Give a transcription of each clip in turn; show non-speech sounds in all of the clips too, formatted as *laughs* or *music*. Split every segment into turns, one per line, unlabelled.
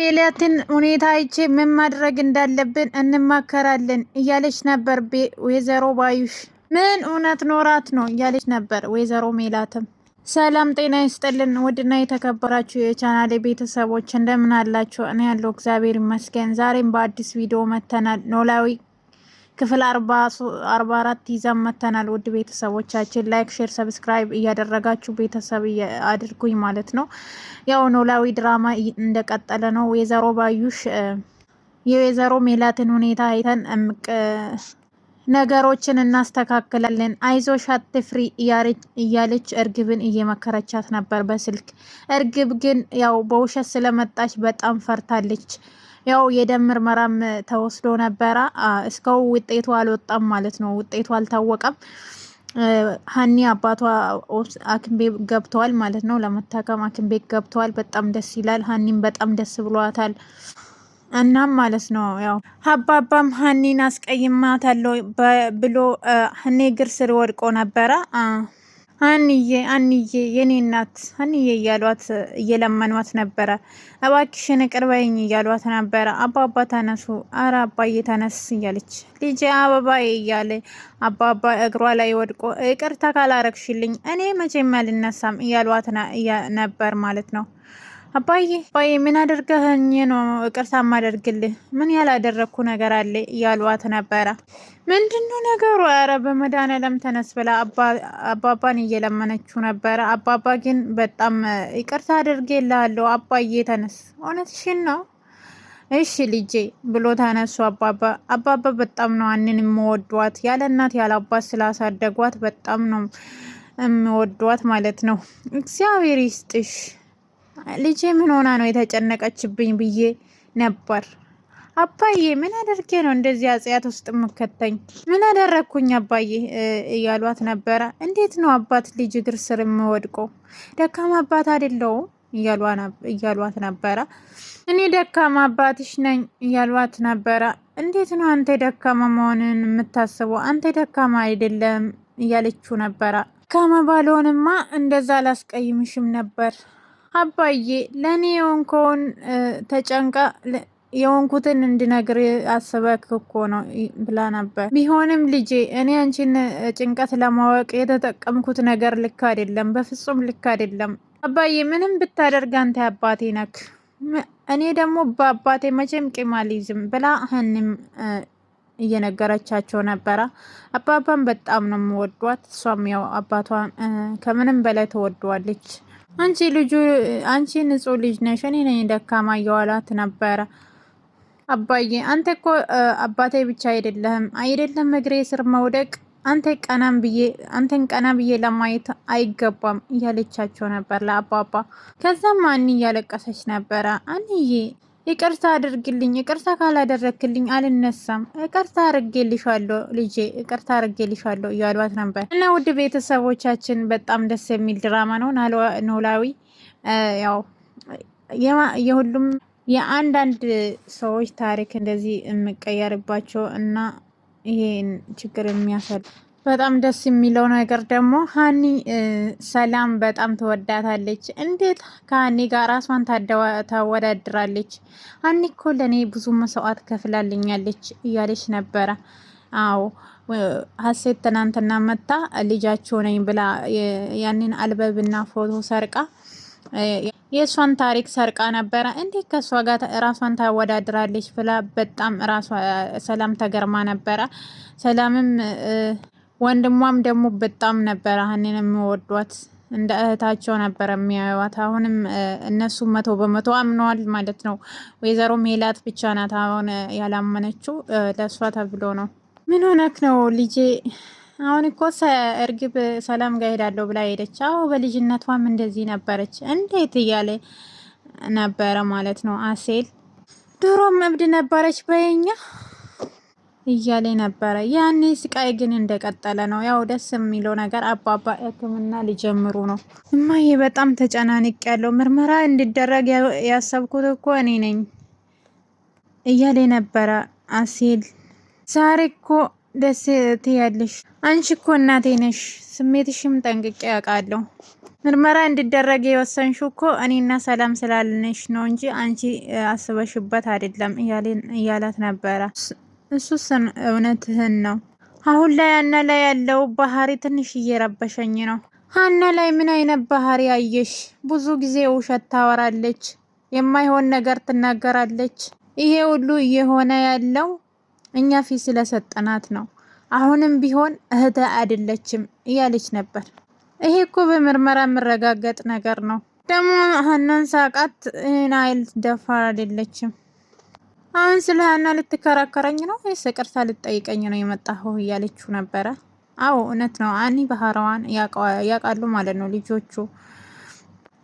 ሜላትን ሁኔታ አይቼ ምን ማድረግ እንዳለብን እንማከራለን እያለች ነበር። ወይዘሮ ባዩሽ ምን እውነት ኖራት ነው እያለች ነበር። ወይዘሮ ሜላትም ሰላም ጤና ይስጥልን ውድና የተከበራችሁ የቻናሌ ቤተሰቦች እንደምን አላችሁ? እኔ ያለው እግዚአብሔር ይመስገን። ዛሬም በአዲስ ቪዲዮ መተናል ኖላዊ ክፍል አርባ አራት ይዘን መተናል። ውድ ቤተሰቦቻችን ላይክ፣ ሼር፣ ሰብስክራይብ እያደረጋችሁ ቤተሰብ አድርጉኝ ማለት ነው። ያው ኖላዊ ድራማ እንደቀጠለ ነው። ወይዘሮ ባዩሽ የወይዘሮ ሜላትን ሁኔታ አይተን ነገሮችን እናስተካክላለን፣ አይዞሽ አትፍሪ እያለች እርግብን እየመከረቻት ነበር በስልክ። እርግብ ግን ያው በውሸት ስለመጣች በጣም ፈርታለች። ያው የደም ምርመራም ተወስዶ ነበረ። እስከው ውጤቱ አልወጣም ማለት ነው። ውጤቱ አልታወቀም። ሀኒ አባቷ ሐኪም ቤት ገብተዋል ማለት ነው። ለመታከም ሐኪም ቤት ገብተዋል። በጣም ደስ ይላል። ሀኒም በጣም ደስ ብሏታል። እናም ማለት ነው ያው አባባም ሀኒን አስቀይማታለሁ ብሎ ሀኒ እግር ስር ወድቆ ነበረ። አንዬ አንዬ የኔ እናት አንዬ እያሏት እየለመኗት ነበረ። እባክሽን ቅርበኝ እያሏት ነበረ። አባባ ተነሱ፣ አረ አባዬ ተነስ እያለች ልጄ አበባዬ እያለ አባባ እግሯ ላይ ወድቆ ይቅርታ ካላረግሽልኝ እኔ መቼም አልነሳም እያሏት ነበር ማለት ነው። አባዬ አባዬ ምን አደርገኝ ነው ይቅርታ ማደርግልህ? ምን ያላደረግኩ ነገር አለ እያሏት ነበረ። ምንድኑ ነገሩ? አረ በመድኃኒዓለም ተነስ ብላ አባባን እየለመነችው ነበረ። አባባ ግን በጣም ይቅርታ አድርጌልሃለሁ አባዬ ተነስ፣ እውነትሽን ነው እሺ ልጄ ብሎ ተነሱ። አባባ አባባ በጣም ነው አንን የምወዷት ያለ እናት ያለ አባት ስላሳደጓት በጣም ነው የምወዷት ማለት ነው። እግዚአብሔር ይስጥሽ ልጄ ምን ሆና ነው የተጨነቀችብኝ ብዬ ነበር። አባዬ ምን አደርጌ ነው እንደዚህ አጽያት ውስጥ የምከተኝ? ምን አደረግኩኝ አባዬ እያሏት ነበረ። እንዴት ነው አባት ልጅ እግር ስር የምወድቀው? ደካማ አባት አይደለሁም እያሏት ነበረ። እኔ ደካማ አባትሽ ነኝ እያሏት ነበረ። እንዴት ነው አንተ ደካማ መሆንን የምታስበው? አንተ ደካማ አይደለም እያለችው ነበረ። ደካማ ባልሆንማ እንደዛ አላስቀይምሽም ነበር አባዬ ለእኔ የሆንከውን ተጨንቀ የሆንኩትን እንድነግር አስበክ እኮ ነው ብላ ነበር። ቢሆንም ልጄ እኔ አንቺን ጭንቀት ለማወቅ የተጠቀምኩት ነገር ልክ አይደለም፣ በፍጹም ልክ አይደለም። አባዬ ምንም ብታደርግ አንተ አባቴ ነክ፣ እኔ ደግሞ በአባቴ መቼም ቂም አልይዝም ብላ ህንም እየነገረቻቸው ነበረ። አባባን በጣም ነው የምወዷት። እሷም ያው አባቷ ከምንም በላይ ትወደዋለች። አንቺ ልጁ አንቺ ንጹህ ልጅ ነሽ፣ እኔ ነኝ ደካማ እየዋላት ነበረ። አባዬ አንተ እኮ አባቴ ብቻ አይደለህም አይደለም፣ እግሬ ስር መውደቅ አንተ ቀናም ብዬ አንተን ቀና ብዬ ለማየት አይገባም እያለቻቸው ነበር ለአባባ። ከዛም አኒ እያለቀሰች ነበረ አንዬ ይቅርታ አድርግልኝ፣ ይቅርታ ካላደረግክልኝ አልነሳም፣ ይቅርታ አርጌልሻለሁ ልጄ፣ ይቅርታ አርጌልሻለሁ እያሏት ነበር። እና ውድ ቤተሰቦቻችን በጣም ደስ የሚል ድራማ ነው። ኖላዊ ያው የሁሉም የአንዳንድ ሰዎች ታሪክ እንደዚህ የምቀየርባቸው እና ይሄን ችግር የሚያሳል በጣም ደስ የሚለው ነገር ደግሞ ሀኒ ሰላም በጣም ትወዳታለች። እንዴት ከሀኒ ጋር ራሷን ታወዳድራለች? ሀኒ እኮ ለእኔ ብዙ መስዋዕት ከፍላልኛለች እያለች ነበረ። አዎ ሀሴት ትናንትና መታ ልጃቸው ነኝ ብላ ያንን አልበብና ፎቶ ሰርቃ የእሷን ታሪክ ሰርቃ ነበረ። እንዴት ከእሷ ጋር ራሷን ታወዳድራለች ብላ በጣም ራሷ ሰላም ተገርማ ነበረ። ሰላምም ወንድሟም ደግሞ በጣም ነበረ ሀኒን የሚወዷት እንደ እህታቸው ነበረ የሚያዩዋት። አሁንም እነሱ መቶ በመቶ አምነዋል ማለት ነው። ወይዘሮ ሜላት ብቻ ናት አሁን ያላመነችው፣ ለእሷ ተብሎ ነው። ምን ሆነክ ነው ልጄ? አሁን እኮ እርግብ ሰላም ጋር ሄዳለሁ ብላ ሄደች። አዎ በልጅነቷም እንደዚህ ነበረች። እንዴት እያለ ነበረ ማለት ነው። አሴል ድሮም እብድ ነበረች በይኛ እያለ ነበረ። ያኔ ስቃይ ግን እንደቀጠለ ነው። ያው ደስ የሚለው ነገር አባባ ሕክምና ሊጀምሩ ነው። እማዬ በጣም ተጨናንቅ ያለው ምርመራ እንዲደረግ ያሰብኩት እኮ እኔ ነኝ እያለ ነበረ። አሴል ዛሬ እኮ ደስ ትያለሽ። አንቺ እኮ እናቴ ነሽ፣ ስሜትሽም ጠንቅቄ ያውቃለሁ። ምርመራ እንዲደረግ የወሰንሽ እኮ እኔና ሰላም ስላልነሽ ነው እንጂ አንቺ አስበሽበት አይደለም እያላት ነበረ እሱስ እውነትህን ነው። አሁን ላይ አና ላይ ያለው ባህሪ ትንሽ እየረበሸኝ ነው። አና ላይ ምን አይነት ባህሪ አየሽ? ብዙ ጊዜ ውሸት ታወራለች፣ የማይሆን ነገር ትናገራለች። ይሄ ሁሉ እየሆነ ያለው እኛ ፊት ስለሰጠናት ነው። አሁንም ቢሆን እህተ አይደለችም እያለች ነበር። ይሄ እኮ በምርመራ የምረጋገጥ ነገር ነው። ደግሞ ሀናን ሳቃት ናይል ደፋር አይደለችም። አሁን ስለ ሀና ልትከራከረኝ ነው ወይስ ይቅርታ ልትጠይቀኝ ነው የመጣኸው? እያለችው ነበረ። አዎ እውነት ነው። አኒ ባህራዋን ያውቃሉ ማለት ነው ልጆቹ።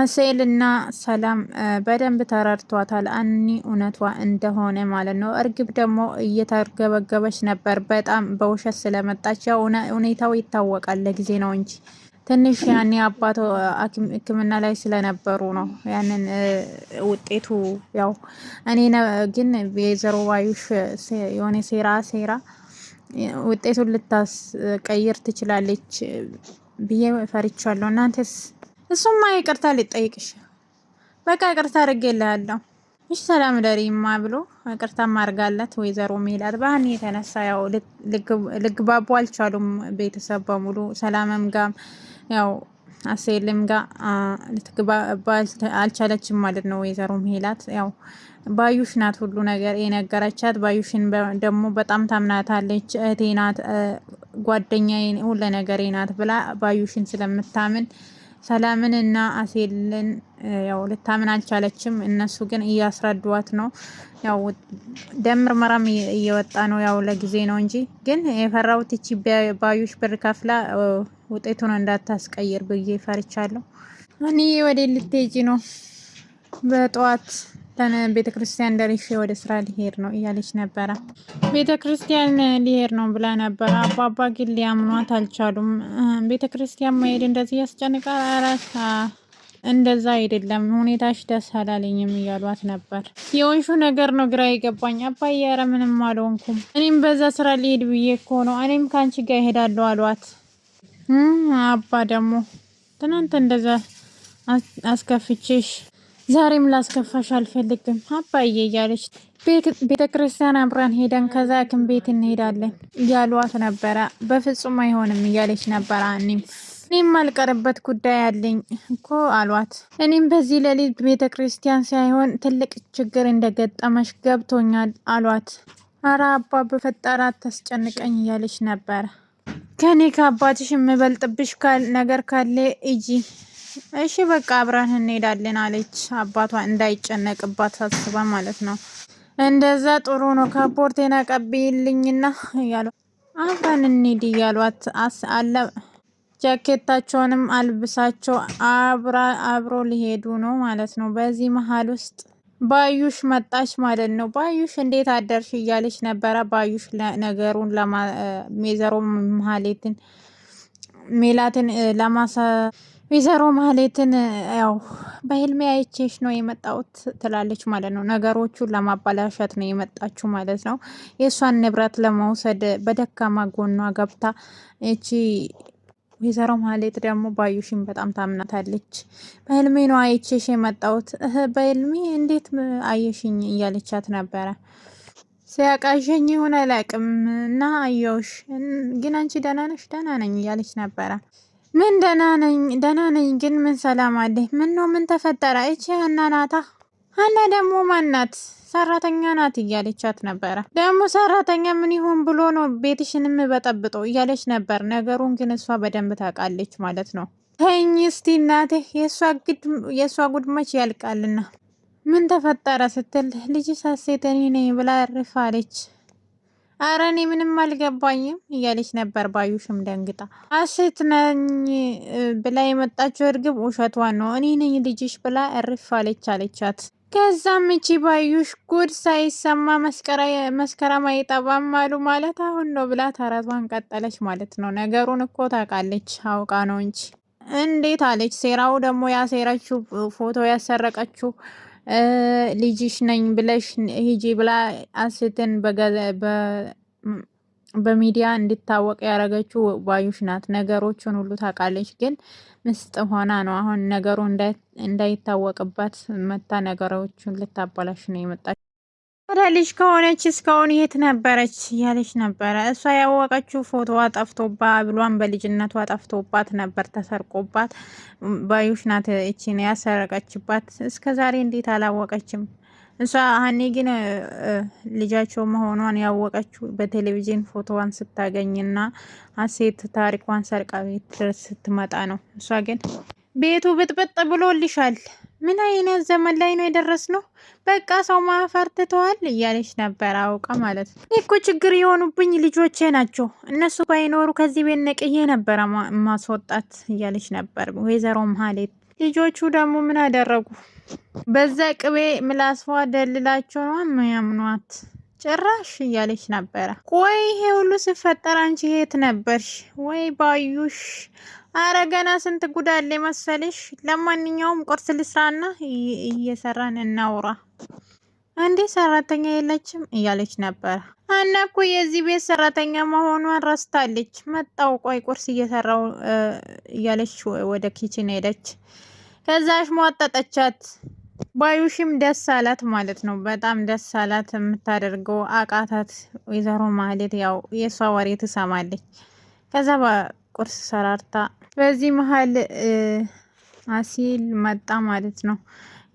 አሴልና ሰላም በደንብ ተረድቷታል አኒ እውነቷ እንደሆነ ማለት ነው። እርግብ ደግሞ እየተርገበገበች ነበር በጣም በውሸት ስለመጣች። ያው ሁኔታው ይታወቃል ለጊዜ ነው እንጂ ትንሽ ያኔ አባቶ ሕክምና ላይ ስለነበሩ ነው ያንን ውጤቱ ያው እኔ ግን የዘሮ ባዩሽ የሆነ ሴራ ሴራ ውጤቱን ልታስቀይር ትችላለች ብዬ ፈርቻለሁ። እናንተስ? እሱማ ይቅርታ ልጠይቅሽ በቃ ይቅርታ አድርጌልሃለሁ እሺ ሰላም ደሪማ ብሎ ይቅርታ ማርጋለት ወይዘሮ ሜላት ባህን የተነሳ ያው ልግባቡ አልቻሉም። ቤተሰብ በሙሉ ሰላምም ጋም ያው አሴልም ጋር ልትግባ አልቻለችም ማለት ነው። ወይዘሮ ሜላት ያው ባዩሽ ናት ሁሉ ነገር የነገረቻት። ባዩሽን ደግሞ በጣም ታምናታለች። እህቴ ናት፣ ጓደኛዬ፣ ሁለ ነገሬ ናት ብላ ባዩሽን ስለምታምን ሰላምን እና አሴልን ያው ልታምን አልቻለችም። እነሱ ግን እያስረዷት ነው። ያው ደም ምርመራም እየወጣ ነው። ያው ለጊዜ ነው እንጂ ግን የፈራሁት እቺ ባዩሽ ብር ከፍላ ውጤቱን እንዳታስቀይር ብዬ ፈርቻለሁ። እኔ ወደ ልትሄጂ ነው በጠዋት ቤተ ክርስቲያን ደርሼ ወደ ስራ ሊሄድ ነው እያለች ነበረ። ቤተ ክርስቲያን ሊሄድ ነው ብላ ነበረ። አባባ ግን ሊያምኗት አልቻሉም። ቤተ ክርስቲያን መሄድ እንደዚህ ያስጨንቃል፣ አራሳ እንደዛ አይደለም ሁኔታሽ ደስ አላለኝም እያሏት ነበር። የወንሹ ነገር ነው ግራ የገባኝ። አባዬ ኧረ ምንም አልሆንኩም፣ እኔም በዛ ስራ ሊሄድ ብዬ እኮ ነው፣ እኔም ከአንቺ ጋር እሄዳለሁ አሏት። አባ ደግሞ ትናንት እንደዛ አስከፍቼሽ ዛሬም ላስከፋሽ አልፈልግም አባዬ እያለች ቤተ ክርስቲያን አብረን ሄደን ከዛ ክን ቤት እንሄዳለን ያሏት ነበረ። በፍጹም አይሆንም እያለች ነበረ። እኔም እኔም አልቀርበት ጉዳይ አለኝ እኮ አሏት። እኔም በዚህ ሌሊት ቤተ ክርስቲያን ሳይሆን ትልቅ ችግር እንደገጠመሽ ገብቶኛል አሏት። አረ አባ በፈጠራ አታስጨንቀኝ እያለች ነበረ። ከኔ ከአባትሽ የምበልጥብሽ ነገር ካለ እጂ እሺ በቃ አብረን እንሄዳለን አለች። አባቷ እንዳይጨነቅባት ሳስባ ማለት ነው። እንደዛ ጥሩ ነው ካፖርቴን አቀብይልኝና እያሉ አብረን እንሂድ እያሏት አለ። ጃኬታቸውንም አልብሳቸው አብራ አብሮ ሊሄዱ ነው ማለት ነው። በዚህ መሀል ውስጥ ባዩሽ መጣች ማለት ነው። ባዩሽ እንዴት አደርሽ እያለች ነበረ። ባዩሽ ነገሩን ወይዘሮ መሀሌትን ሜላትን ለማሳ ወይዘሮ ማህሌትን ያው በህልሜ አይቼሽ ነው የመጣሁት ትላለች ማለት ነው። ነገሮቹን ለማበላሸት ነው የመጣችው ማለት ነው። የእሷን ንብረት ለመውሰድ በደካማ ጎኗ ገብታ እቺ ወይዘሮ ማህሌት ደግሞ ባዩሽን በጣም ታምናታለች። በህልሜ ነው አይቼሽ የመጣሁት እህ በህልሜ እንዴት አየሽኝ እያለቻት ነበረ። ሲያቃሸኝ ይሆን አላቅም እና አየውሽ ግን አንቺ ደህና ነሽ? ደህና ነኝ እያለች ነበረ ምን ደህና ነኝ ደህና ነኝ፣ ግን ምን ሰላም አለ? ምን ነው ምን ተፈጠረ? እቺ ሀና ናታ። ሀና ደግሞ ማናት? ሰራተኛ ናት እያለቻት ነበረ። ደግሞ ሰራተኛ ምን ይሆን ብሎ ነው ቤትሽንም በጠብጦ እያለች ነበር። ነገሩን ግን እሷ በደንብ ታውቃለች ማለት ነው። ተኝ እስቲ እናቴ፣ የእሷ ጉድመች ያልቃልና ምን ተፈጠረ ስትል ልጅ ሳሴት እኔ ነኝ ብላ ርፋለች። አረ እኔ ምንም አልገባኝም እያለች ነበር። ባዩሽም ደንግጣ አሴት ነኝ ብላ የመጣችው እርግብ ውሸቷን ነው እኔ ነኝ ልጅሽ ብላ እርፍ አለች አለቻት። ከዛም እቺ ባዩሽ ጉድ ሳይሰማ መስከረም አይጠባም አሉ ማለት አሁን ነው ብላ ተረቷን ቀጠለች ማለት ነው። ነገሩን እኮ ታውቃለች አውቃ ነው እንጂ እንዴት አለች። ሴራው ደግሞ ያሴረችው ፎቶ ያሰረቀችው ልጅሽ ነኝ ብለሽ ሂጂ ብላ አሴትን በሚዲያ እንድታወቅ ያደረገችው ባዩሽ ናት። ነገሮችን ሁሉ ታውቃለች፣ ግን ምስጥ ሆና ነው። አሁን ነገሩ እንዳይታወቅባት መታ ነገሮችን ልታበላሽ ነው የመጣች። ወደ ልጅ ከሆነች እስካሁን የት ነበረች እያለች ነበረ። እሷ ያወቀችው ፎቶዋ ጠፍቶባ ብሏን በልጅነቷ ጠፍቶባት ነበር ተሰርቆባት። ባዩሽ ናት እቺን ያሰረቀችባት። እስከ ዛሬ እንዴት አላወቀችም? እሷ አኔ ግን ልጃቸው መሆኗን ያወቀችው በቴሌቪዥን ፎቶዋን ስታገኝና አሴት ታሪኳን ሰርቃ ቤት ስትመጣ ነው። እሷ ግን ቤቱ ብጥብጥ ብሎልሻል ምን አይነት ዘመን ላይ ነው የደረስነው? በቃ ሰው ማፈር ትተዋል እያለች ነበር። አውቃ ማለት ነው እኮ ችግር የሆኑብኝ ልጆቼ ናቸው። እነሱ ባይኖሩ ከዚህ ቤት ነቅዬ ነበረ ማስወጣት እያለች ነበር ወይዘሮ መሀሌት። ልጆቹ ደግሞ ምን አደረጉ? በዛ ቅቤ ምላስዋ ደልላቸው ነው የሚያምኗት። ጭራሽ እያለች ነበረ። ቆይ ይሄ ሁሉ ሲፈጠር አንቺ የት ነበርሽ? ወይ ባዩሽ፣ አረ ገና ስንት ጉዳሌ መሰልሽ። ለማንኛውም ቁርስ ልስራና እየሰራን እናውራ። እንዴ ሰራተኛ የለችም እያለች ነበረ። አና እኮ የዚህ ቤት ሰራተኛ መሆኗን ረስታለች። መጣው ቆይ ቁርስ እየሰራው እያለች ወደ ኪችን ሄደች። ከዛሽ ሟጠጠቻት። ባዩሽም ደስ አላት ማለት ነው። በጣም ደስ አላት። የምታደርገው አቃታት። ወይዘሮ ማህሌት ያው የእሷ ወሬ ትሰማለች። ከዛ በቁርስ ሰራርታ በዚህ መሀል አሲል መጣ ማለት ነው።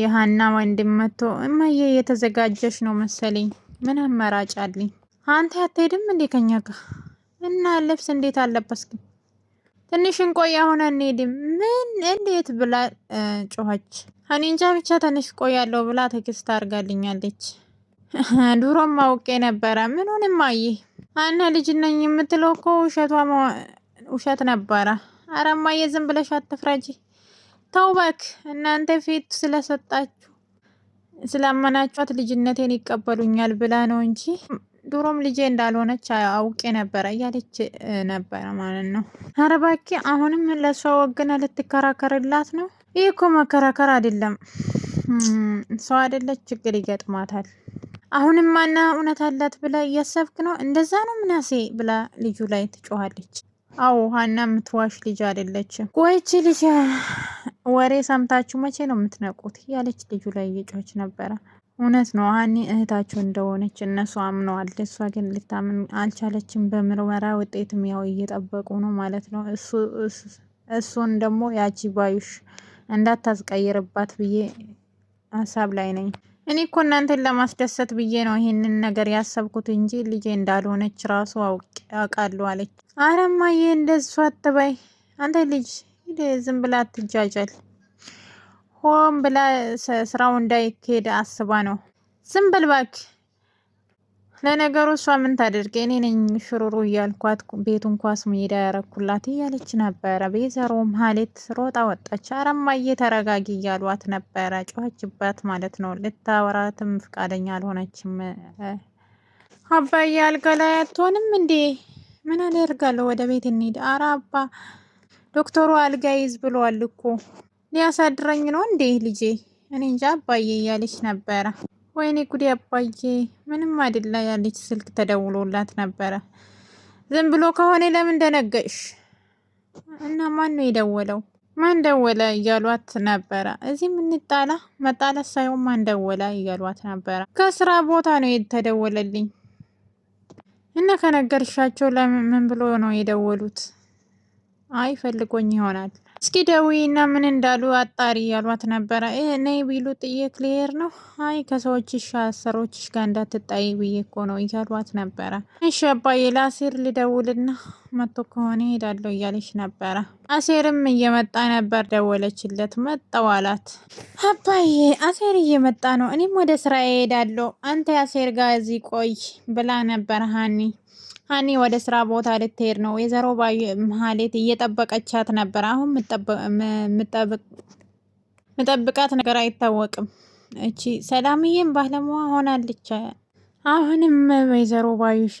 የሀና ወንድም መጥቶ እማዬ የተዘጋጀች ነው መሰለኝ፣ ምን አመራጭ አለኝ? አንተ አትሄድም እንዴ ከኛ ጋር እና ልብስ እንዴት አለበስክም? ትንሽ እንቆይ አሁን አንሄድም። ምን እንዴት ብላ ጮኸች። እኔ እንጃ ብቻ ትንሽ ቆያለሁ ብላ ትዕግስት አድርጋልኛለች። ዱሮም *laughs* አውቄ ነበረ። ምን ሆንም አየህ አነ ልጅ ነኝ የምትለው እኮ ውሸት ነበረ። አረማ የዝም ብለሽ አትፍረጂ። ተውበክ እናንተ ፊት ስለሰጣችሁ ስላመናችኋት ልጅነቴን ይቀበሉኛል ብላ ነው እንጂ ድሮም ልጄ እንዳልሆነች አውቄ ነበረ እያለች ነበረ ማለት ነው። ኧረ እባክህ አሁንም ለእሷ ወግና ልትከራከርላት ነው? ይህ እኮ መከራከር አይደለም። ሰው አይደለች፣ ችግር ይገጥማታል። አሁንም ማና እውነት አላት ብላ እያሰብክ ነው? እንደዛ ነው ምናሴ ብላ ልጁ ላይ ትጮኋለች። አዎ ሀና የምትዋሽ ልጅ አይደለችም። ቆይቺ ልጅ ወሬ ሰምታችሁ መቼ ነው የምትነቁት? እያለች ልጁ ላይ እየጮች ነበረ። እውነት ነው ሀኒ እህታቸው እንደሆነች እነሱ አምነዋል። እሷ ግን ልታምን አልቻለችም። በምርመራ ውጤትም ያው እየጠበቁ ነው ማለት ነው። እሱን ደግሞ ያቺ ባዩሽ እንዳታስቀይርባት ብዬ ሀሳብ ላይ ነኝ። እኔ እኮ እናንተን ለማስደሰት ብዬ ነው ይሄንን ነገር ያሰብኩት እንጂ ልጄ እንዳልሆነች ራሱ አውቃለሁ አለች። አረማዬ እንደሷ አትበይ አንተ ልጅ ዝም ብላ አትጃጃል። ሆን ብላ ስራው እንዳይካሄድ አስባ ነው። ዝም በል እባክህ። ለነገሩ እሷ ምን ታደርግ፣ እኔ ነኝ ሽሩሩ እያልኳት ቤቱ እንኳ ስሜዳ ያረኩላት እያለች ነበረ። ቤዘሮ ማህሌት ሮጣ ወጣች። አረማዬ ተረጋጊ እያሏት ነበረ። ጮኸችባት ማለት ነው። ልታወራትም ፈቃደኛ አልሆነችም። አባዬ አልጋ ላይ አትሆንም እንዴ? ምን አደርጋለሁ? ወደ ቤት እንሂድ። አረ አባ ዶክተሩ አልጋ ይዝ ብለዋል እኮ ሊያሳድረኝ ነው እንዴ ልጄ? እኔ እንጃ አባዬ እያለች ነበረ። ወይኔ ጉዴ አባዬ ምንም አይደለ ያለች ስልክ ተደውሎላት ነበረ። ዝም ብሎ ከሆነ ለምን ደነገሽ? እና ማን ነው የደወለው? ማን ደወለ እያሏት ነበረ። እዚህ ምንጣላ መጣላት ሳይሆን ማን ደወለ እያሏት ነበረ። ከስራ ቦታ ነው የተደወለልኝ እና ከነገርሻቸው ለምን ብሎ ነው የደወሉት? አይ ፈልጎኝ ይሆናል እስኪ እና ምን እንዳሉ አጣሪ ያሏት ነበረ። ቢሉ ቢሉት ክሊየር ነው። አይ ከሰዎችሽ አሰሮችሽ ጋር እንዳትጣይ ብዬ እኮ ነው እያሏት ነበረ። እሺ አባዬ ለአሴር ልደውልና መቶ ከሆነ ሄዳለሁ እያለች ነበረ። አሴርም እየመጣ ነበር። ደወለችለት። መጣው አላት። አባዬ አሴር እየመጣ ነው፣ እኔም ወደ ስራ ሄዳለሁ፣ አንተ የአሴር ጋር እዚህ ቆይ ብላ ነበረ ሀኒ ሀኒ ወደ ስራ ቦታ ልትሄድ ነው። ወይዘሮ መሀሌት እየጠበቀቻት ነበር። አሁን ምጠብቃት ነገር አይታወቅም። እቺ ሰላምዬም ባለሙያ ሆናለች። አሁንም ወይዘሮ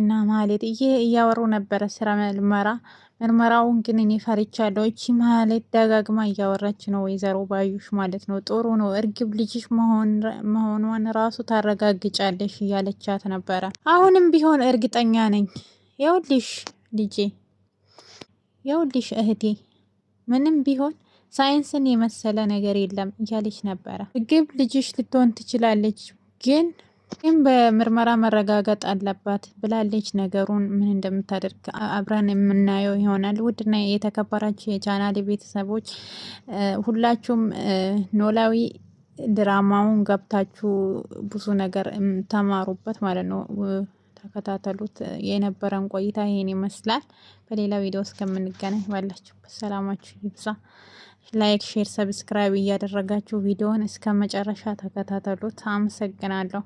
እና ማህሌት እየ እያወሩ ነበረ ስራ ምርመራ ምርመራውን ግን እኔ ፈርቻለሁ። እቺ ማህሌት ደጋግማ እያወራች ነው ወይዘሮ ባዩሽ ማለት ነው። ጥሩ ነው እርግብ ልጅሽ መሆኗን ራሱ ታረጋግጫለሽ እያለቻት ነበረ። አሁንም ቢሆን እርግጠኛ ነኝ። የውልሽ ልጄ፣ የውልሽ እህቴ፣ ምንም ቢሆን ሳይንስን የመሰለ ነገር የለም እያለች ነበረ። እርግብ ልጅሽ ልትሆን ትችላለች ግን ግን በምርመራ መረጋገጥ አለባት ብላለች። ነገሩን ምን እንደምታደርግ አብረን የምናየው ይሆናል። ውድና የተከበራችሁ የቻናል ቤተሰቦች ሁላችሁም ኖላዊ ድራማውን ገብታችሁ ብዙ ነገር ተማሩበት ማለት ነው። ተከታተሉት። የነበረን ቆይታ ይሄን ይመስላል። በሌላ ቪዲዮ እስከምንገናኝ ባላችሁበት ሰላማችሁ ይብዛ። ላይክ፣ ሼር፣ ሰብስክራይብ እያደረጋችሁ ቪዲዮን እስከ መጨረሻ ተከታተሉት። አመሰግናለሁ።